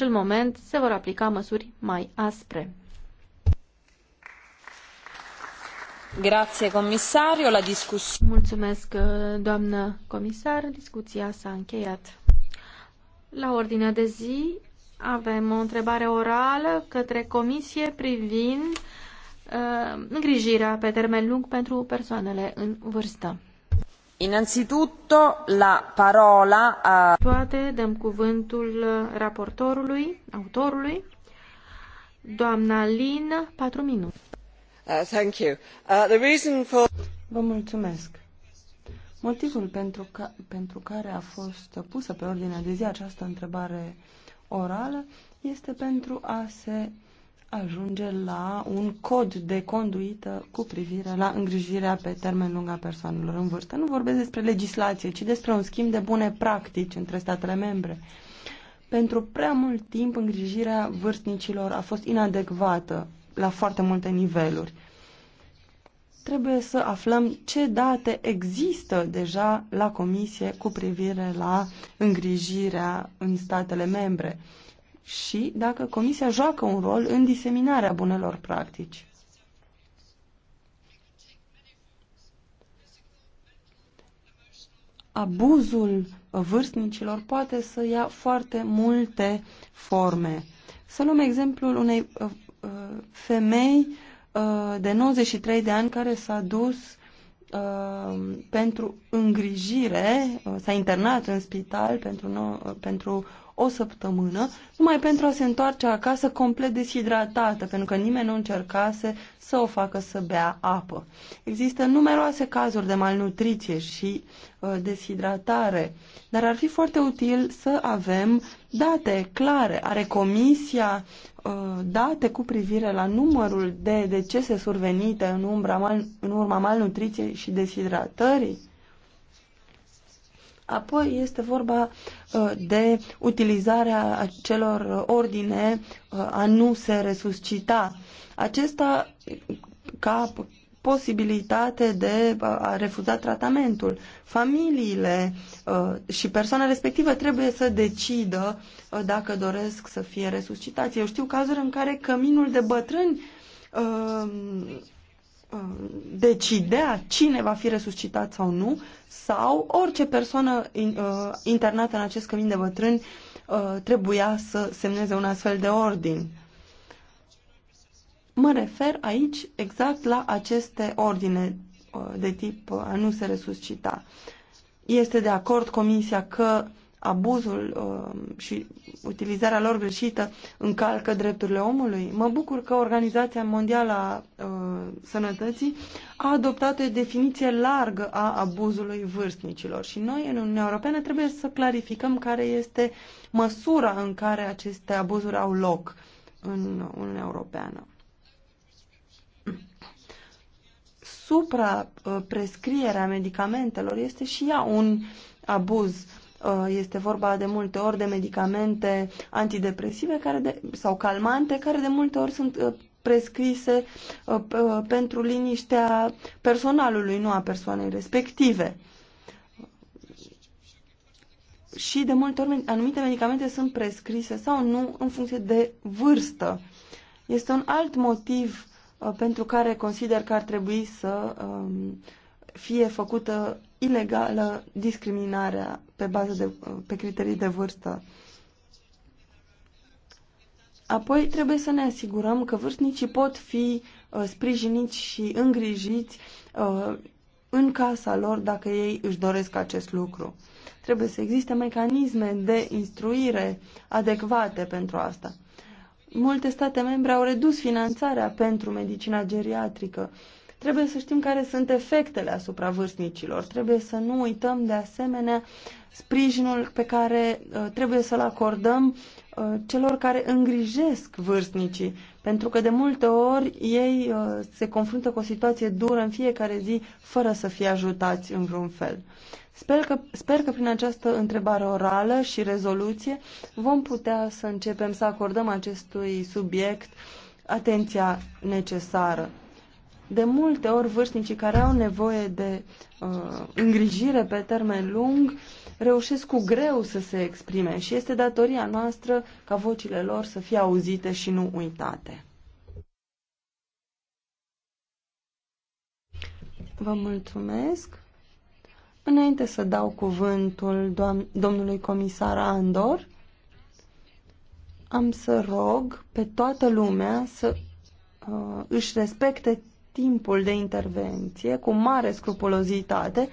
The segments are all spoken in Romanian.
acel moment se vor aplica măsuri mai aspre. Grazie, comisario. La discus- Mulțumesc, doamnă comisar. Discuția s-a încheiat. La ordinea de zi avem o întrebare orală către comisie privind uh, îngrijirea pe termen lung pentru persoanele în vârstă. Toate dăm cuvântul uh, raportorului, autorului, doamna Lin, minute. Uh, thank you. Uh, the reason for... Vă mulțumesc. Motivul pentru, ca, pentru care a fost pusă pe ordinea de zi această întrebare orală este pentru a se ajunge la un cod de conduită cu privire la îngrijirea pe termen lung a persoanelor în vârstă. Nu vorbesc despre legislație, ci despre un schimb de bune practici între statele membre. Pentru prea mult timp, îngrijirea vârstnicilor a fost inadecvată la foarte multe niveluri. Trebuie să aflăm ce date există deja la Comisie cu privire la îngrijirea în statele membre și dacă Comisia joacă un rol în diseminarea bunelor practici. Abuzul vârstnicilor poate să ia foarte multe forme. Să luăm exemplul unei uh, uh, femei uh, de 93 de ani care s-a dus pentru îngrijire, s-a internat în spital pentru, pentru o săptămână, numai pentru a se întoarce acasă complet deshidratată, pentru că nimeni nu încercase să o facă să bea apă. Există numeroase cazuri de malnutriție și uh, deshidratare, dar ar fi foarte util să avem date clare. Are comisia uh, date cu privire la numărul de decese survenite în, umbra mal, în urma malnutriției și deshidratării? Apoi este vorba uh, de utilizarea acelor ordine uh, a nu se resuscita. Acesta ca posibilitate de uh, a refuza tratamentul. Familiile și persoana respectivă trebuie să decidă dacă doresc să fie resuscitați. Eu știu cazuri în care căminul de bătrâni Uh, decidea cine va fi resuscitat sau nu, sau orice persoană uh, internată în acest cămin de bătrâni uh, trebuia să semneze un astfel de ordin. Mă refer aici exact la aceste ordine de tip a nu se resuscita. Este de acord Comisia că abuzul uh, și utilizarea lor greșită încalcă drepturile omului. Mă bucur că Organizația Mondială a uh, Sănătății a adoptat o definiție largă a abuzului vârstnicilor și noi în Uniunea Europeană trebuie să clarificăm care este măsura în care aceste abuzuri au loc în Uniunea Europeană. Supra prescrierea medicamentelor este și ea un abuz Uh, este vorba de multe ori de medicamente antidepresive care de, sau calmante care de multe ori sunt uh, prescrise uh, pentru liniștea personalului, nu a persoanei respective. Și de multe ori anumite medicamente sunt prescrise sau nu în funcție de vârstă. Este un alt motiv pentru care consider că ar trebui să um, fie făcută ilegală discriminarea pe bază de, pe criterii de vârstă. Apoi trebuie să ne asigurăm că vârstnicii pot fi uh, sprijiniți și îngrijiți uh, în casa lor dacă ei își doresc acest lucru. Trebuie să existe mecanisme de instruire adecvate pentru asta. Multe state membre au redus finanțarea pentru medicina geriatrică. Uh, Trebuie să știm care sunt efectele asupra vârstnicilor. Trebuie să nu uităm de asemenea sprijinul pe care uh, trebuie să-l acordăm uh, celor care îngrijesc vârstnicii, pentru că de multe ori ei uh, se confruntă cu o situație dură în fiecare zi fără să fie ajutați în vreun fel. Sper că, sper că prin această întrebare orală și rezoluție vom putea să începem să acordăm acestui subiect atenția necesară. De multe ori, vârstnicii care au nevoie de uh, îngrijire pe termen lung reușesc cu greu să se exprime și este datoria noastră ca vocile lor să fie auzite și nu uitate. Vă mulțumesc. Înainte să dau cuvântul domnului comisar Andor, am să rog pe toată lumea să uh, își respecte timpul de intervenție cu mare scrupulozitate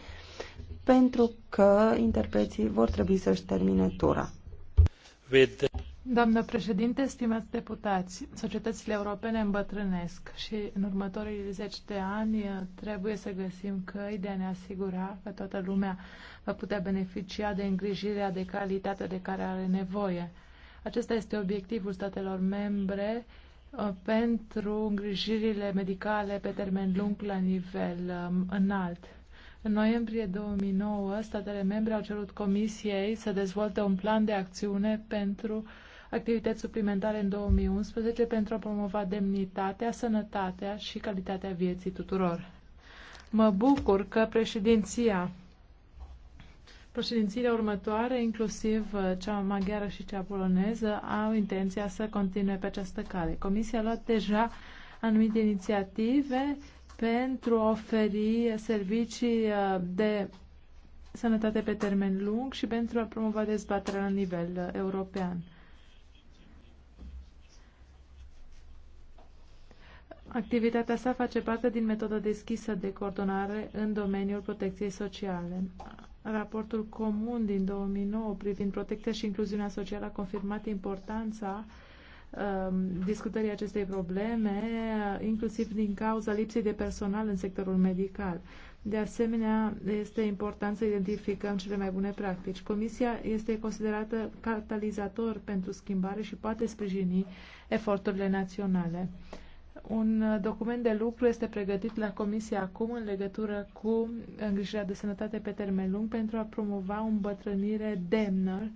pentru că interpreții vor trebui să-și termine tura. Doamnă președinte, stimați deputați, societățile europene îmbătrânesc și în următorii 10 de ani trebuie să găsim căi de a ne asigura că toată lumea va putea beneficia de îngrijirea de calitate de care are nevoie. Acesta este obiectivul statelor membre Uh, pentru îngrijirile medicale pe termen lung la nivel um, înalt. În noiembrie 2009, statele membre au cerut Comisiei să dezvolte un plan de acțiune pentru activități suplimentare în 2011 pentru a promova demnitatea, sănătatea și calitatea vieții tuturor. Mă bucur că președinția Președințiile următoare, inclusiv uh, cea maghiară și cea poloneză, au intenția să continue pe această cale. Comisia a luat deja anumite inițiative pentru a oferi servicii uh, de sănătate pe termen lung și pentru a promova dezbaterea la nivel uh, european. Activitatea sa face parte din metoda deschisă de coordonare în domeniul protecției sociale. Raportul comun din 2009 privind protecția și incluziunea socială a confirmat importanța um, discutării acestei probleme, inclusiv din cauza lipsei de personal în sectorul medical. De asemenea, este important să identificăm cele mai bune practici. Comisia este considerată catalizator pentru schimbare și poate sprijini eforturile naționale. Un document de lucru este pregătit la Comisie acum în legătură cu îngrijirea de sănătate pe termen lung pentru a promova o îmbătrânire demnă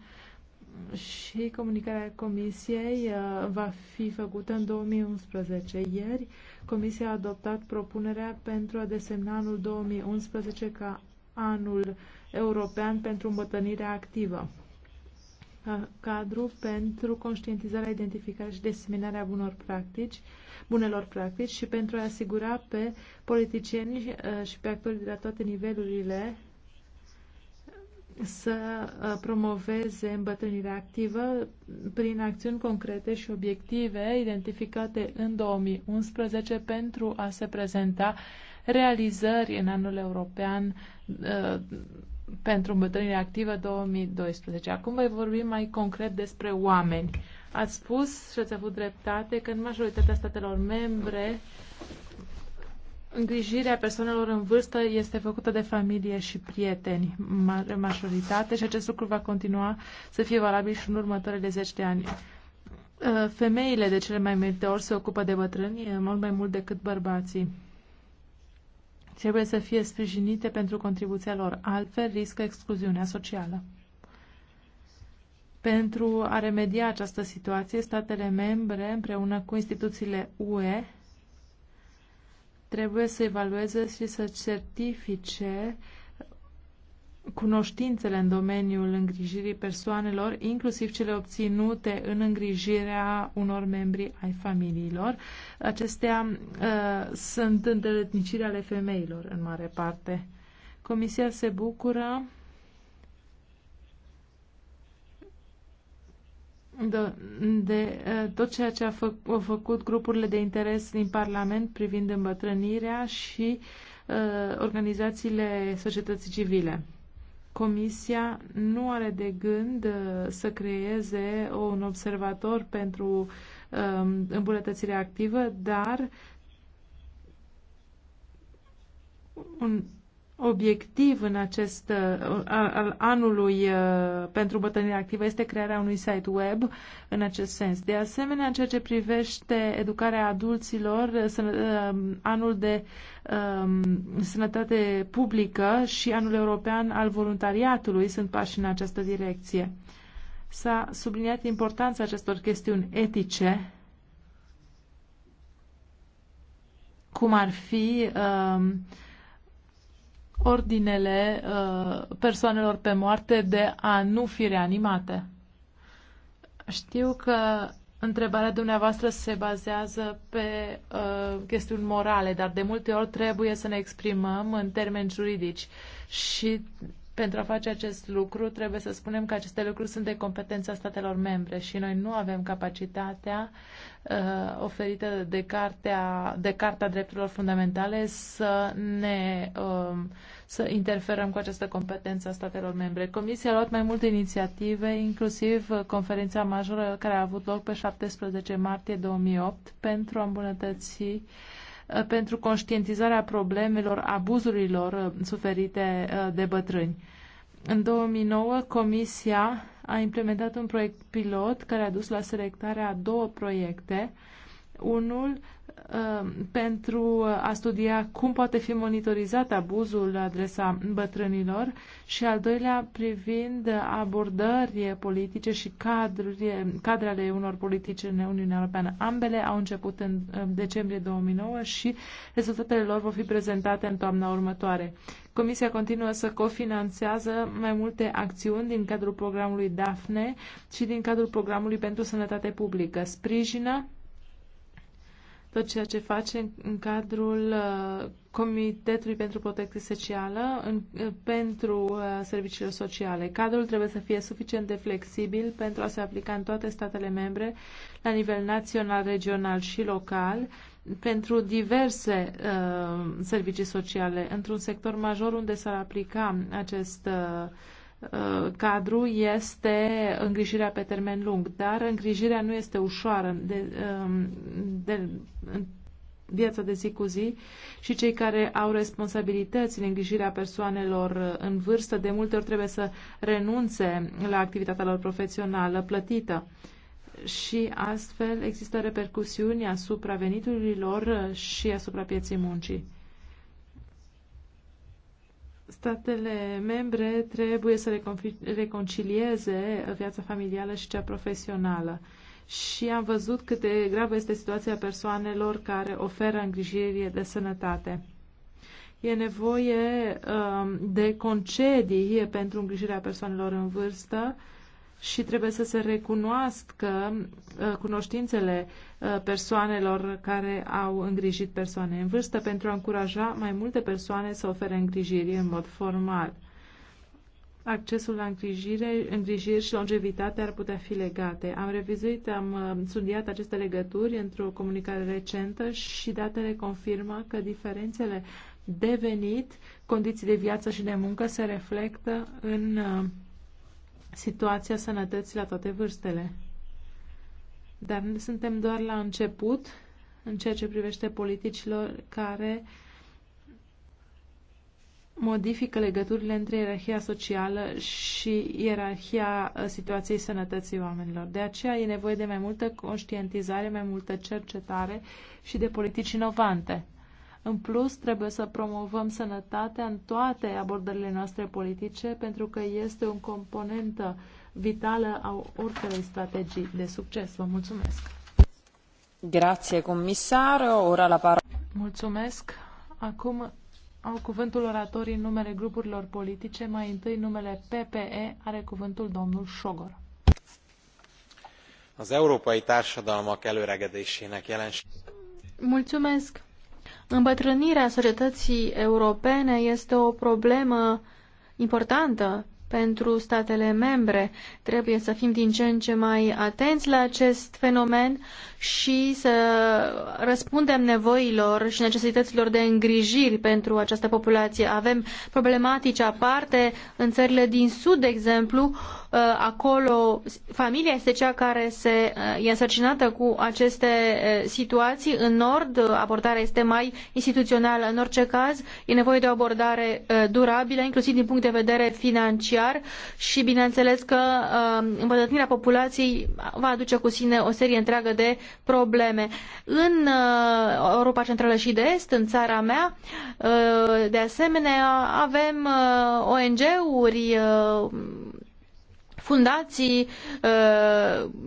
și comunicarea Comisiei uh, va fi făcută în 2011. Ieri, Comisia a adoptat propunerea pentru a desemna anul 2011 ca anul european pentru îmbătrânirea activă cadru pentru conștientizarea, identificarea și diseminarea bunor practici, bunelor practici și pentru a asigura pe politicieni uh, și pe actorii de la toate nivelurile să uh, promoveze îmbătrânirea activă prin acțiuni concrete și obiective identificate în 2011 pentru a se prezenta realizări în anul european uh, pentru îmbătrânire activă 2012. Acum voi vorbi mai concret despre oameni. Ați spus și ați avut dreptate că în majoritatea statelor membre îngrijirea persoanelor în vârstă este făcută de familie și prieteni, mare majoritate, și acest lucru va continua să fie valabil și în următoarele 10 de ani. Ă, femeile de cele mai multe ori se ocupă de bătrâni mult mai mult decât bărbații trebuie să fie sprijinite pentru contribuția lor, altfel riscă excluziunea socială. Pentru a remedia această situație, statele membre, împreună cu instituțiile UE, trebuie să evalueze și să certifice uh, cunoștințele în domeniul îngrijirii persoanelor, inclusiv cele obținute în îngrijirea unor membri ai familiilor. Acestea uh, sunt îndeletniciri ale femeilor, în mare parte. Comisia se bucură de, de uh, tot ceea ce a fă, au făcut grupurile de interes din Parlament privind îmbătrânirea și uh, organizațiile societății civile. Comisia nu are de gând uh, să creeze un observator pentru um, îmbunătățirea activă, dar un obiectiv în acest uh, al anului uh, pentru bătrânirea activă este crearea unui site web în acest sens. De asemenea, în ceea ce privește educarea adulților, uh, anul de um, sănătate publică și anul european al voluntariatului sunt pași în această direcție. S-a subliniat importanța acestor chestiuni etice, cum ar fi um, ordinele uh, persoanelor pe moarte de a nu fi reanimate. Știu că întrebarea dumneavoastră se bazează pe uh, chestiuni morale, dar de multe ori trebuie să ne exprimăm în termeni juridici și pentru a face acest lucru, trebuie să spunem că aceste lucruri sunt de competența statelor membre și noi nu avem capacitatea uh, oferită de, cartea, de Carta Drepturilor Fundamentale să ne uh, să interferăm cu această competență a statelor membre. Comisia a luat mai multe inițiative, inclusiv uh, conferința majoră care a avut loc pe 17 martie 2008 pentru a îmbunătăți uh, Uh, pentru conștientizarea problemelor abuzurilor uh, suferite uh, de bătrâni. În 2009, Comisia a implementat un proiect pilot care a dus la selectarea a două proiecte. Unul Um, pentru a studia cum poate fi monitorizat abuzul la adresa bătrânilor și al doilea privind abordări politice și cadruri, cadrele unor politici în Uniunea Europeană. Ambele au început în decembrie 2009 și rezultatele lor vor fi prezentate în toamna următoare. Comisia continuă să cofinanțează mai multe acțiuni din cadrul programului DAFNE și din cadrul programului pentru sănătate publică. Sprijină tot ceea ce face în, în cadrul uh, Comitetului pentru Protecție Socială în, uh, pentru uh, serviciile sociale. Cadrul trebuie să fie suficient de flexibil pentru a se aplica în toate statele membre, la nivel național, regional și local, pentru diverse uh, servicii sociale, într-un sector major unde s-ar aplica acest uh, Uh, cadru este îngrijirea pe termen lung, dar îngrijirea nu este ușoară de, um, de, în viața de zi cu zi și cei care au responsabilități în îngrijirea persoanelor în vârstă de multe ori trebuie să renunțe la activitatea lor profesională plătită și astfel există repercusiuni asupra veniturilor și asupra pieței muncii statele membre trebuie să reconcilieze viața familială și cea profesională. Și am văzut cât de gravă este situația persoanelor care oferă îngrijire de sănătate. E nevoie um, de concedii pentru îngrijirea persoanelor în vârstă și trebuie să se recunoască uh, cunoștințele uh, persoanelor care au îngrijit persoane în vârstă pentru a încuraja mai multe persoane să ofere îngrijiri în mod formal. Accesul la îngrijire, îngrijiri și longevitate ar putea fi legate. Am revizuit, am uh, studiat aceste legături într-o comunicare recentă și datele confirmă că diferențele de venit, condiții de viață și de muncă se reflectă în situația sănătății la toate vârstele. Dar suntem doar la început în ceea ce privește politicilor care modifică legăturile între ierarhia socială și ierarhia uh, situației sănătății oamenilor. De aceea e nevoie de mai multă conștientizare, mai multă cercetare și de politici inovante. În plus, trebuie să promovăm sănătatea în toate abordările noastre politice, pentru că este o componentă vitală a oricărei strategii de succes. Vă mulțumesc! Grazie, comisar. Ora la parola. Mulțumesc. Acum au cuvântul oratorii în numele grupurilor politice. Mai întâi numele PPE are cuvântul domnul Șogor. Az európai társadalmak előregedésének jelenség. Mulțumesc. Îmbătrânirea societății europene este o problemă importantă pentru statele membre. Trebuie să fim din ce în ce mai atenți la acest fenomen și să răspundem nevoilor și necesităților de îngrijiri pentru această populație. Avem problematici aparte în țările din sud, de exemplu, uh, acolo familia este cea care se uh, e însărcinată cu aceste uh, situații. În nord abordarea este mai instituțională. În orice caz, e nevoie de o abordare durabilă, inclusiv din punct de vedere financiar financiar și bineînțeles că um, îmbătrânirea populației va aduce cu sine o serie întreagă de probleme. În uh, Europa Centrală și de Est, în țara mea, uh, de asemenea, avem uh, ONG-uri, fundații,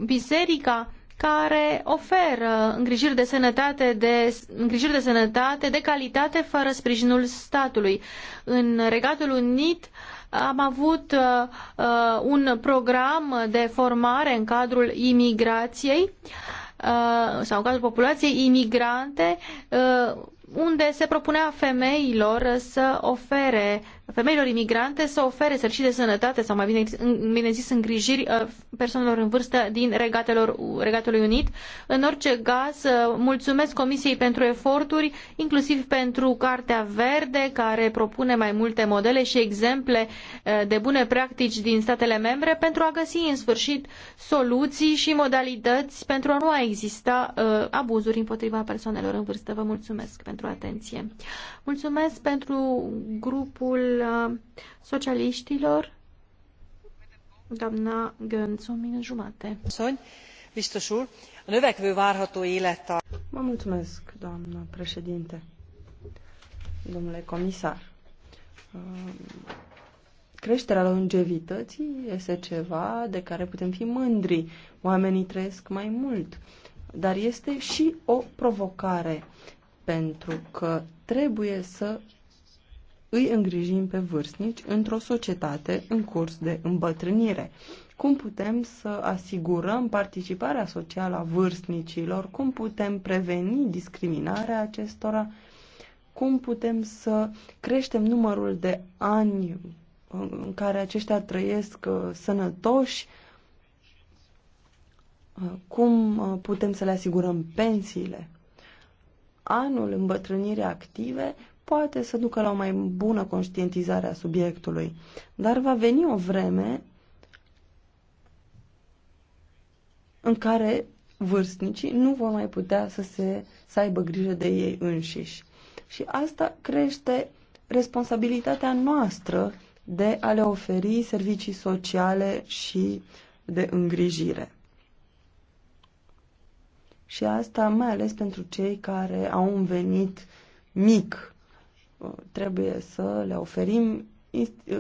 biserica, care oferă îngrijiri de sănătate de, îngrijiri de sănătate de calitate fără sprijinul statului. În Regatul Unit am avut uh, uh, un program de formare în cadrul imigrației uh, sau în cadrul populației imigrante unde se propunea femeilor să ofere femeilor imigrante să ofere servicii de sănătate sau mai bine, bine zis îngrijiri uh, persoanelor în vârstă din regatelor, Regatul Unit. În orice caz, uh, mulțumesc Comisiei pentru eforturi, inclusiv pentru Cartea Verde, care propune mai multe modele și exemple uh, de bune practici din statele membre pentru a găsi în sfârșit soluții și modalități pentru a nu a exista abuzuri împotriva persoanelor în vârstă. Vă mulțumesc pentru atenție. Mulțumesc pentru grupul Uh, socialiștilor, doamna Gönc, o mină jumate. Mă mulțumesc, doamnă președinte, domnule comisar. Uh, creșterea longevității este ceva de care putem fi mândri. Oamenii trăiesc mai mult, dar este și o provocare pentru că trebuie să îi îngrijim pe vârstnici într-o societate în curs de îmbătrânire? Cum putem să asigurăm participarea socială a vârstnicilor? Cum putem preveni discriminarea acestora? Cum putem să creștem numărul de ani uh, în care aceștia trăiesc uh, sănătoși? Uh, cum putem să le asigurăm pensiile? Anul îmbătrânirii active poate să ducă la o mai bună conștientizare a subiectului. Dar va veni o vreme în care vârstnicii nu vor mai putea să, se, să aibă grijă de ei înșiși. Și asta crește responsabilitatea noastră de a le oferi servicii sociale și de îngrijire. Și asta mai ales pentru cei care au un venit mic trebuie să le oferim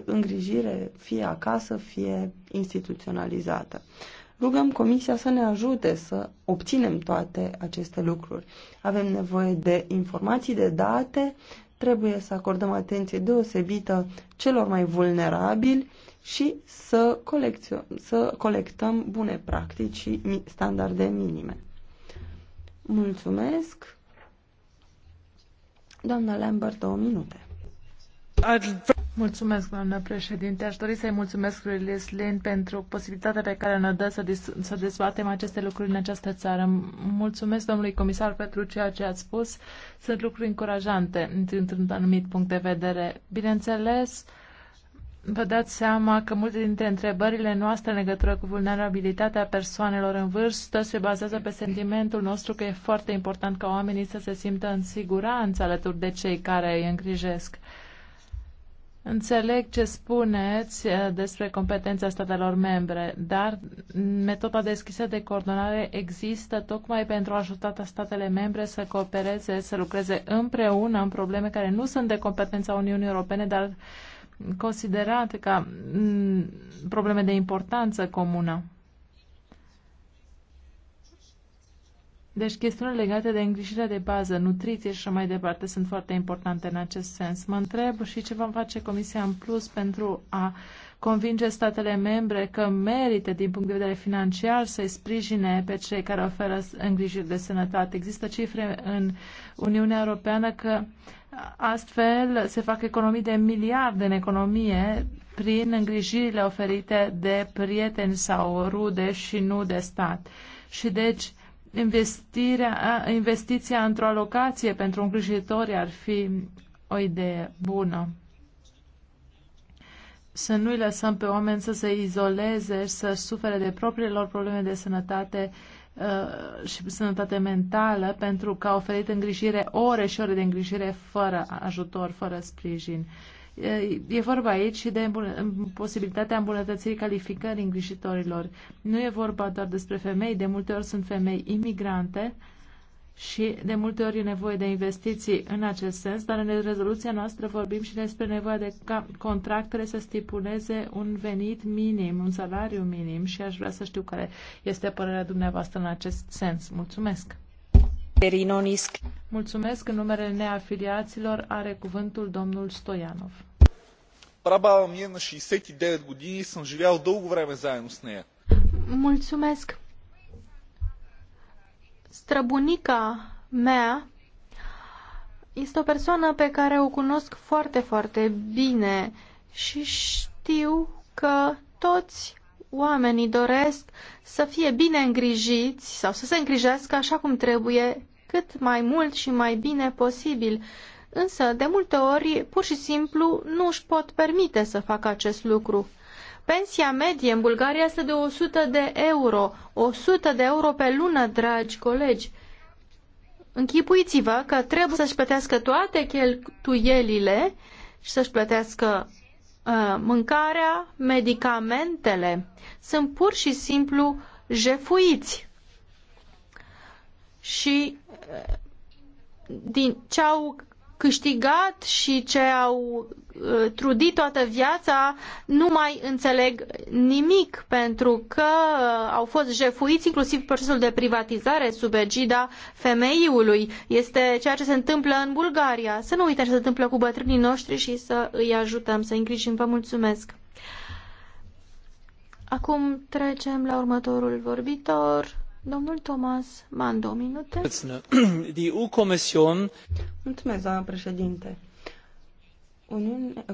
îngrijire fie acasă, fie instituționalizată. Rugăm Comisia să ne ajute să obținem toate aceste lucruri. Avem nevoie de informații, de date, trebuie să acordăm atenție deosebită celor mai vulnerabili și să, să colectăm bune practici și standarde minime. Mulțumesc! Doamna Lambert, două minute. Mulțumesc, doamnă președinte. Aș dori să-i mulțumesc lui Liz Lin pentru posibilitatea pe care ne dă să, să dezbatem aceste lucruri în această țară. Mulțumesc domnului comisar pentru ceea ce ați spus. Sunt lucruri încurajante într-un anumit punct de vedere. Bineînțeles, uh, Vă dați seama că multe dintre întrebările noastre în legătură cu vulnerabilitatea persoanelor în vârstă se bazează pe sentimentul nostru că e foarte important ca oamenii să se simtă în siguranță alături de cei care îi îngrijesc. Înțeleg ce spuneți eh, despre competența statelor membre, dar metoda deschisă de coordonare există tocmai pentru a ajuta statele membre să coopereze, să lucreze împreună în probleme care nu sunt de competența Uniunii Europene, dar uh, considerate ca mm, probleme de importanță comună. Deci chestiunile legate de îngrijirea de bază, nutriție și mai departe sunt foarte importante în acest sens. Mă întreb și ce vom face Comisia în plus pentru a convinge statele membre că merită din punct de vedere financiar să-i sprijine pe cei care oferă îngrijiri de sănătate. Există cifre în Uniunea Europeană că astfel se fac economii de miliarde în economie prin îngrijirile oferite de prieteni sau rude și nu de stat. Și deci investiția într-o alocație pentru îngrijitori ar fi o idee bună. Să nu-i lăsăm pe oameni să se izoleze și să sufere de propriilor probleme de sănătate uh, și sănătate mentală pentru că au oferit îngrijire ore și ore de îngrijire fără ajutor, fără sprijin. E vorba aici de posibilitatea îmbunătățirii calificării îngrijitorilor. Nu e vorba doar despre femei, de multe ori sunt femei imigrante și de multe ori e nevoie de investiții în acest sens, dar în rezoluția noastră vorbim și despre nevoia de ca contractele să stipuleze un venit minim, un salariu minim și aș vrea să știu care este părerea dumneavoastră în acest sens. Mulțumesc! Mulțumesc. În numele neafiliaților are cuvântul domnul Stoianov. Прабаба ми е на 69 години и съм живял дълго време заедно Mulțumesc. Străbunica mea este o persoană pe care o cunosc foarte, foarte bine și știu că toți oamenii doresc să fie bine îngrijiți sau să se îngrijească așa cum trebuie cât mai mult și mai bine posibil. Însă, de multe ori, pur și simplu, nu își pot permite să facă acest lucru. Pensia medie în Bulgaria este de 100 de euro. 100 de euro pe lună, dragi colegi. Închipuiți-vă că trebuie să-și plătească toate cheltuielile și să-și plătească uh, mâncarea, medicamentele. Sunt pur și simplu jefuiți și din ce au câștigat și ce au uh, trudit toată viața, nu mai înțeleg nimic pentru că uh, au fost jefuiți inclusiv procesul de privatizare sub egida femeiului. Este ceea ce se întâmplă în Bulgaria. Să nu uităm ce se întâmplă cu bătrânii noștri și să îi ajutăm, să îi îngrijim. Vă mulțumesc! Acum trecem la următorul vorbitor. Domnul Thomas două minute. doamnă președinte.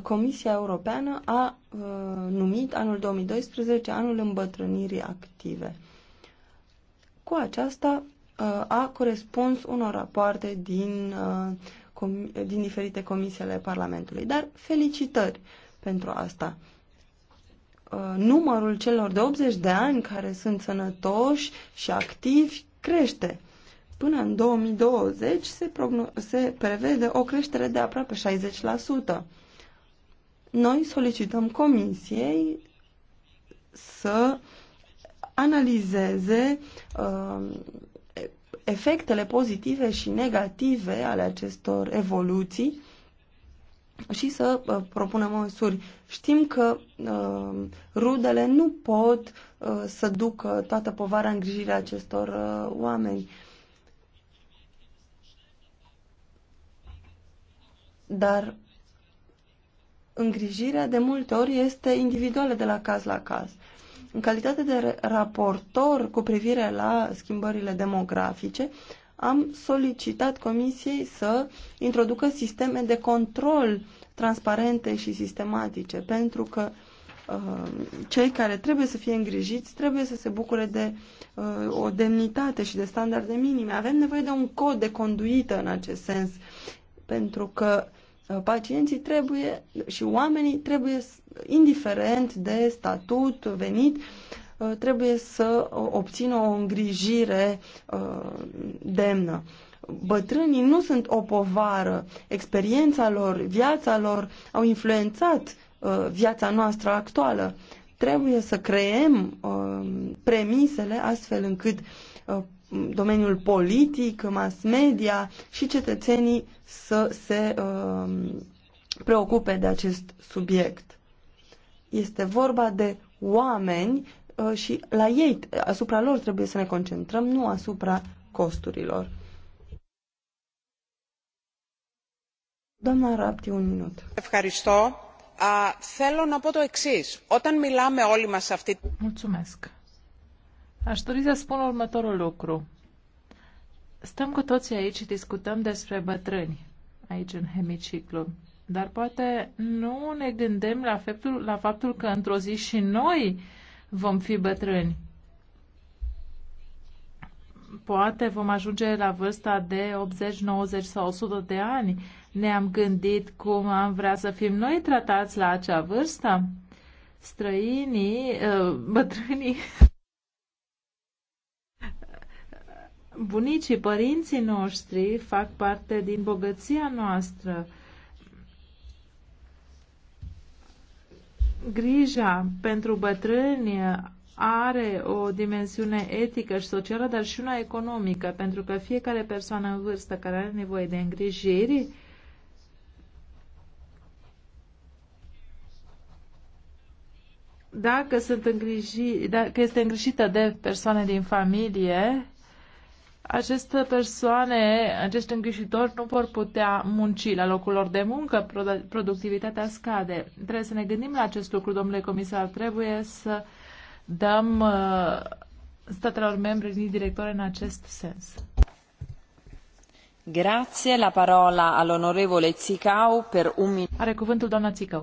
Comisia Europeană a uh, numit anul 2012 anul îmbătrânirii active. Cu aceasta uh, a corespuns unor rapoarte din, uh, com- din diferite comisiile Parlamentului. Dar felicitări pentru asta. Uh, numărul celor de 80 de ani care sunt sănătoși și activi crește. Până în 2020 se, se prevede o creștere de aproape 60%. Noi solicităm comisiei să analizeze uh, efectele pozitive și negative ale acestor evoluții și să uh, propună măsuri Știm că uh, rudele nu pot uh, să ducă toată povara îngrijirea acestor uh, oameni. Dar îngrijirea de multe ori este individuală de la caz la caz. În calitate de raportor cu privire la schimbările demografice, am solicitat Comisiei să introducă sisteme de control uh, transparente și sistematice, pentru că uh, cei care trebuie să fie îngrijiți trebuie să se bucure de uh, o demnitate și de standarde minime. Avem nevoie de un cod de conduită în acest sens, pentru că uh, pacienții trebuie și oamenii trebuie, indiferent de statut, venit, uh, trebuie să uh, obțină o îngrijire uh, demnă bătrânii nu sunt o povară. Experiența lor, viața lor au influențat uh, viața noastră actuală. Trebuie să creem uh, premisele astfel încât uh, domeniul politic, mass media și cetățenii să se uh, preocupe de acest subiect. Este vorba de oameni uh, și la ei, asupra lor trebuie să ne concentrăm, nu asupra costurilor. Doamna Rapti, un minut. Θέλω να πω το εξής. Όταν μιλάμε όλοι μας αυτή... Mulțumesc. Aș dori să spun următorul lucru. Stăm cu toții aici și discutăm despre bătrâni, aici în hemiciclu. Dar poate nu ne gândim la faptul, la faptul că într-o zi și noi vom fi bătrâni. Poate vom ajunge la vârsta de 80, 90 sau 100 de ani ne-am gândit cum am vrea să fim noi tratați la acea vârstă? Străinii, uh, bătrânii, bunicii, părinții noștri fac parte din bogăția noastră. Grija pentru bătrâni are o dimensiune etică și socială, dar și una economică, pentru că fiecare persoană în vârstă care are nevoie de îngrijiri dacă, sunt îngriji, dacă este îngrijită de persoane din familie, aceste persoane, acești îngrijitori nu vor putea munci la locul lor de muncă, productivitatea scade. Trebuie să ne gândim la acest lucru, domnule comisar. Trebuie să dăm uh, statelor membre din directoare în acest sens. Grazie, la parola onorevole Zicau per un minut. Are cuvântul doamna Zicau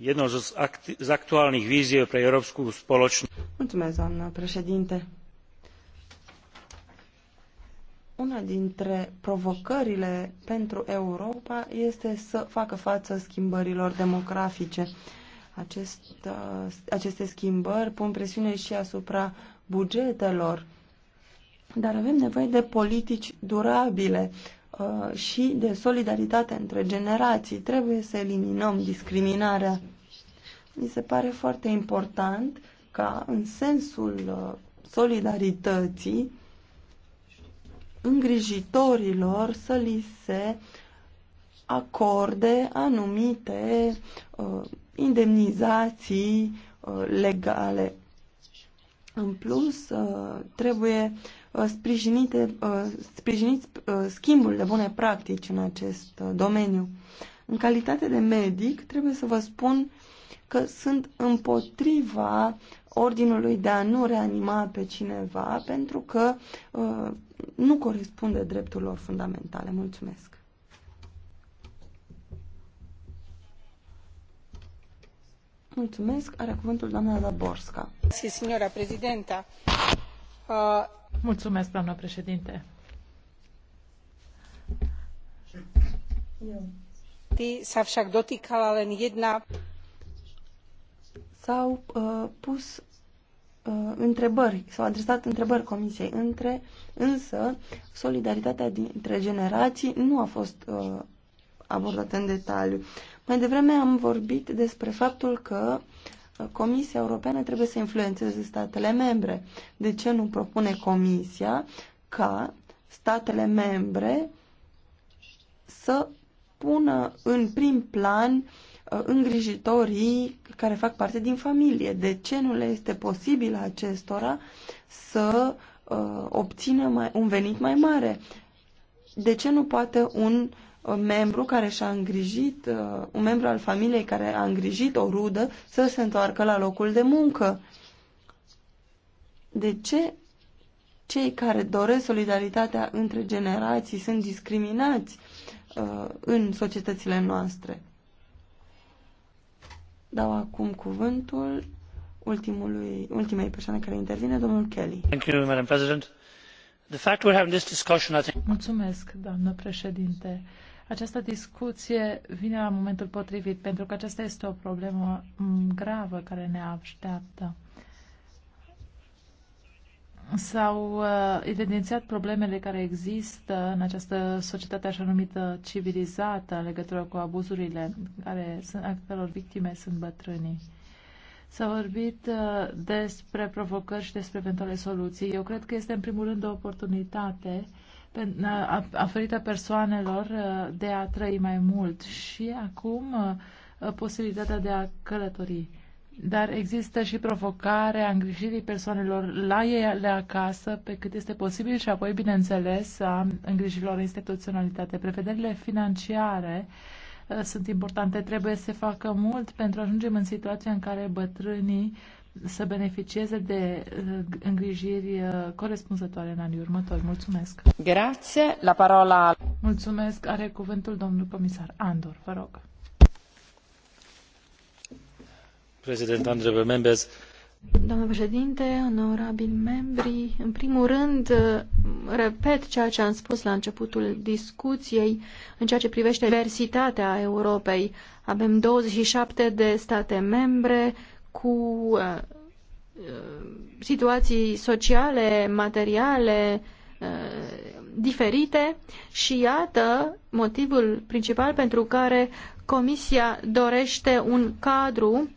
jednou z, aktuálnych výziev pre európsku spoločnosť. președinte. Una dintre provocările pentru Europa este să facă față schimbărilor demografice. Acest, uh, aceste schimbări pun presiune și asupra bugetelor, dar avem nevoie de politici durabile Uh, și de solidaritate între generații. Trebuie să eliminăm discriminarea. Mi se pare foarte important ca în sensul uh, solidarității îngrijitorilor să li se acorde anumite uh, indemnizații uh, legale în plus, uh, trebuie uh, sprijinite, uh, sprijinit schimbul de bune practici în acest domeniu. În calitate de medic, trebuie să vă spun că sunt împotriva ordinului de a nu reanima pe cineva pentru că nu corespunde drepturilor fundamentale. Mulțumesc! Mulțumesc. Are cuvântul doamna Zaborska. Signora Prezidenta. Uh, Mulțumesc, doamna președinte. Ty sa však dotýkala len jedna... S-au uh, pus uh, întrebări, s-au adresat întrebări comisiei, între, însă solidaritatea dintre generații nu a fost uh, abordată în detaliu. Uh, mai devreme am vorbit despre faptul că uh, Comisia Europeană trebuie să influențeze statele membre. De ce nu propune Comisia ca statele membre să pună în prim plan uh, îngrijitorii care fac parte din familie. De ce nu le este posibil acestora să uh, obțină mai, un venit mai mare? De ce nu poate un uh, membru care și-a îngrijit, uh, un membru al familiei care a îngrijit o rudă să se întoarcă la locul de muncă. De ce cei care doresc solidaritatea între generații sunt discriminați uh, în societățile noastre? Dau acum cuvântul ultimului, ultimei persoane care intervine, domnul Kelly. Thank you, Madam President. The fact we're having this discussion, I think... Mulțumesc, doamnă președinte. Uh, această discuție vine la momentul potrivit, pentru că aceasta este o problemă gravă care ne așteaptă. S-au uh, evidențiat problemele care există în această societate așa numită civilizată în legătură cu abuzurile care sunt actelor victime sunt bătrânii. S-a vorbit uh, despre provocări și despre eventuale soluții. Eu cred că este în primul rând o oportunitate uh, oferită persoanelor de a trăi mai mult și acum posibilitatea de a călători. Dar există și provocarea îngrijirii persoanelor la ei la acasă, pe cât este posibil, și apoi, bineînțeles, a îngrijirilor instituționalitate. Prevederile financiare sunt importante. Trebuie să se facă mult pentru a ajungem în situația în care bătrânii să beneficieze de uh, îngrijiri uh, corespunzătoare în anii următori. Mulțumesc! Grație! La parola... Mulțumesc! Are cuvântul domnul comisar Andor. Vă rog! President, honorable members, Domnule președinte, onorabili membri, în primul rând uh, repet ceea ce am spus la începutul discuției în ceea ce privește diversitatea Europei. Avem 27 de state membre, cu uh, uh, situații sociale, materiale uh, diferite și iată motivul principal pentru care Comisia dorește un cadru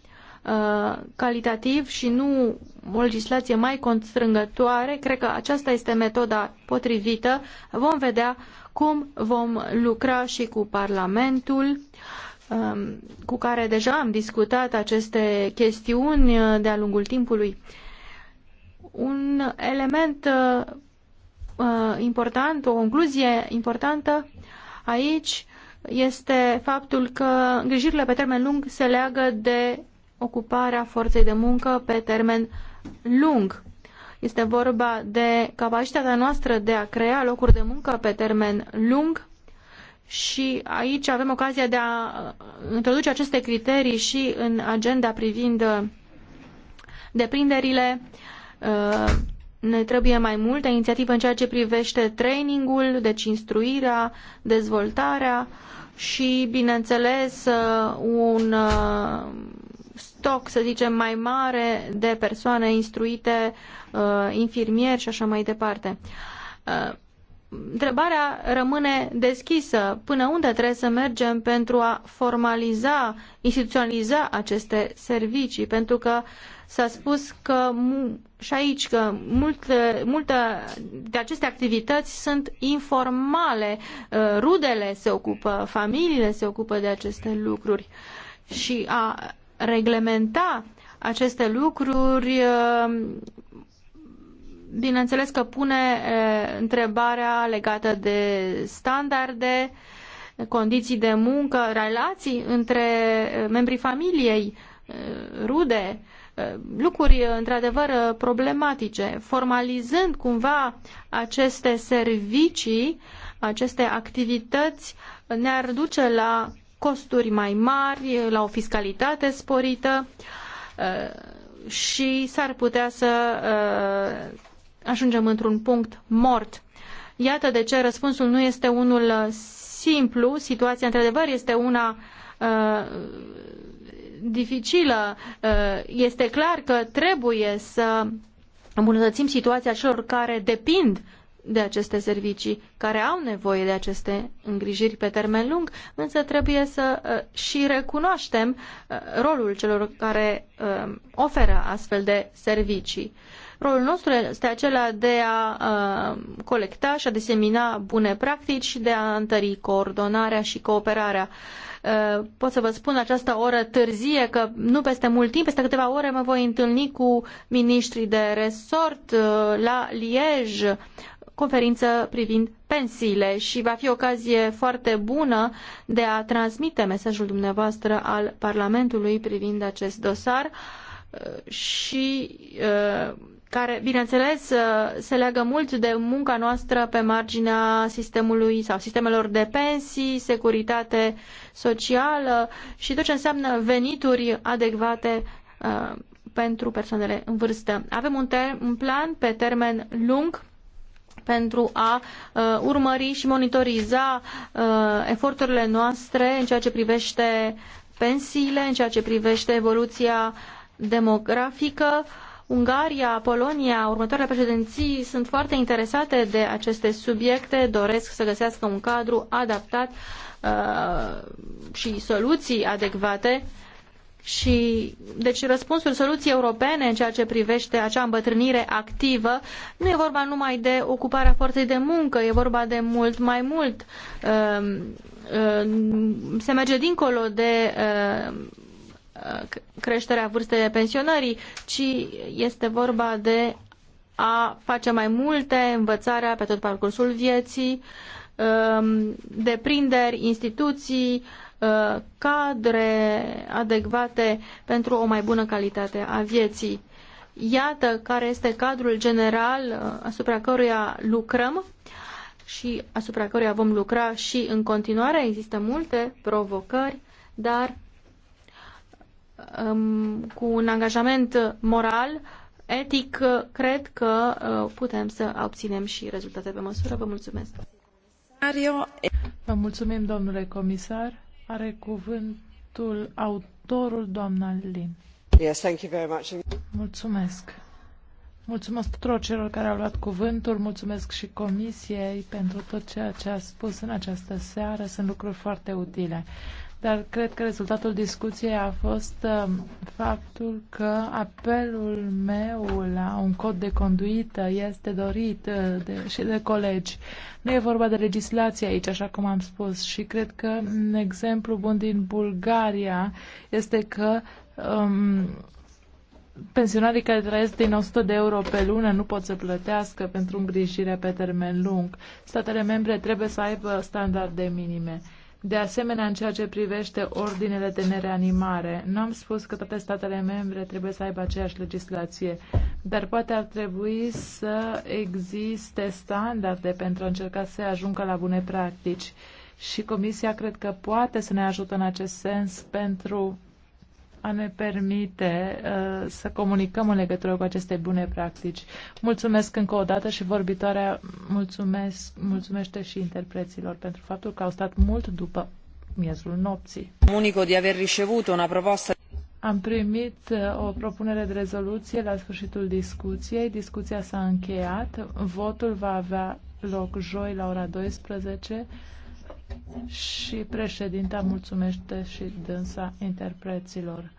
calitativ și nu o legislație mai constrângătoare. Cred că aceasta este metoda potrivită. Vom vedea cum vom lucra și cu Parlamentul. Uh, Um, cu care deja am discutat aceste chestiuni uh, de-a lungul timpului. Un element uh, uh, important, o concluzie importantă aici este faptul că îngrijirile pe termen lung se leagă de ocuparea forței de muncă pe termen lung. Este vorba de capacitatea noastră de a crea locuri de muncă pe termen lung și aici avem ocazia de a uh, introduce aceste criterii și în agenda privind uh, deprinderile. Uh, ne trebuie mai multă inițiativă în ceea ce privește trainingul, deci instruirea, dezvoltarea și, bineînțeles, un stoc, să zicem, mai mare de persoane instruite, infirmieri și așa mai departe întrebarea rămâne deschisă. Până unde trebuie să mergem pentru a formaliza, instituționaliza aceste servicii? Pentru că s-a spus că și aici că multe, multe de aceste activități sunt informale. Uh, rudele se ocupă, familiile se ocupă de aceste lucruri și a reglementa aceste lucruri uh, bineînțeles că pune întrebarea legată de standarde, condiții de muncă, relații între membrii familiei, rude, lucruri într-adevăr problematice, formalizând cumva aceste servicii, aceste activități, ne-ar duce la costuri mai mari, la o fiscalitate sporită și s-ar putea să ajungem într-un punct mort. Iată de ce răspunsul nu este unul simplu, situația într-adevăr este una uh, dificilă. Uh, este clar că trebuie să îmbunătățim situația celor care depind de aceste servicii, care au nevoie de aceste îngrijiri pe termen lung, însă trebuie să uh, și recunoaștem uh, rolul celor care uh, oferă astfel de servicii. Rolul nostru este acela de a colecta și a disemina bune practici și de a întări coordonarea și cooperarea. Pot să vă spun această oră târzie că nu peste mult timp, peste câteva ore mă voi întâlni cu ministrii de resort la Liege, conferință privind pensiile și va fi ocazie foarte bună de a transmite mesajul dumneavoastră al Parlamentului privind acest dosar și care, bineînțeles, uh, se leagă mult de munca noastră pe marginea sistemului sau sistemelor de pensii, securitate socială și tot ce înseamnă venituri adecvate uh, pentru persoanele în vârstă. Avem un, un plan pe termen lung pentru a uh, urmări și monitoriza uh, eforturile noastre în ceea ce privește pensiile, în ceea ce privește evoluția demografică uh, Ungaria, Polonia, următoarele președinții sunt foarte interesate de aceste subiecte, doresc să găsească un cadru adaptat uh, și soluții adecvate și, deci, răspunsul soluții europene în ceea ce privește acea îmbătrânire activă nu e vorba numai de ocuparea forței de muncă, e vorba de mult mai mult. Uh, uh, se merge dincolo de uh, Uh, creșterea vârstei de pensionării, ci este vorba de a face mai multe, învățarea pe tot parcursul vieții, um, deprinderi, instituții, uh, cadre adecvate pentru o mai bună calitate a vieții. Iată care este cadrul general uh, asupra căruia lucrăm și asupra căruia vom lucra și în continuare. Există multe provocări, dar cu un angajament moral, etic, cred că uh, putem să obținem și rezultate pe măsură. Vă mulțumesc! Vă mulțumim, domnule comisar. Are cuvântul autorul, doamna Lin. Yes, thank you very much. Mulțumesc. Mulțumesc tuturor celor care au luat cuvântul, mulțumesc și comisiei pentru tot ceea ce a spus în această seară. Sunt lucruri foarte utile dar cred că rezultatul discuției a fost um, faptul că apelul meu la un cod de conduită este dorit uh, de, și de colegi. Nu e vorba de legislație aici, așa cum am spus, și cred că un exemplu bun din Bulgaria este că um, pensionarii care trăiesc din 100 de euro pe lună nu pot să plătească pentru îngrijire pe termen lung. Statele membre trebuie să aibă standarde minime. De asemenea, în ceea ce privește ordinele de nereanimare, nu am spus că toate statele membre trebuie să aibă aceeași legislație, dar poate ar trebui să existe standarde pentru a încerca să ajungă la bune practici. Și Comisia cred că poate să ne ajută în acest sens pentru a ne permite uh, să comunicăm în legătură cu aceste bune practici. Mulțumesc încă o dată și vorbitoarea mulțumesc, mulțumește și interpreților pentru faptul că au stat mult după miezul nopții. Comunico de aver ricevut una proposta am primit uh, o propunere de rezoluție la sfârșitul discuției. Discuția s-a încheiat. Votul va avea loc joi la ora 12 și președinta mulțumește și dânsa interpreților.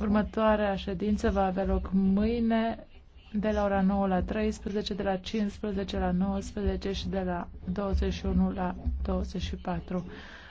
Următoarea ședință va avea loc mâine de la ora 9 la 13, de la 15 la 19 și de la 21 la 24.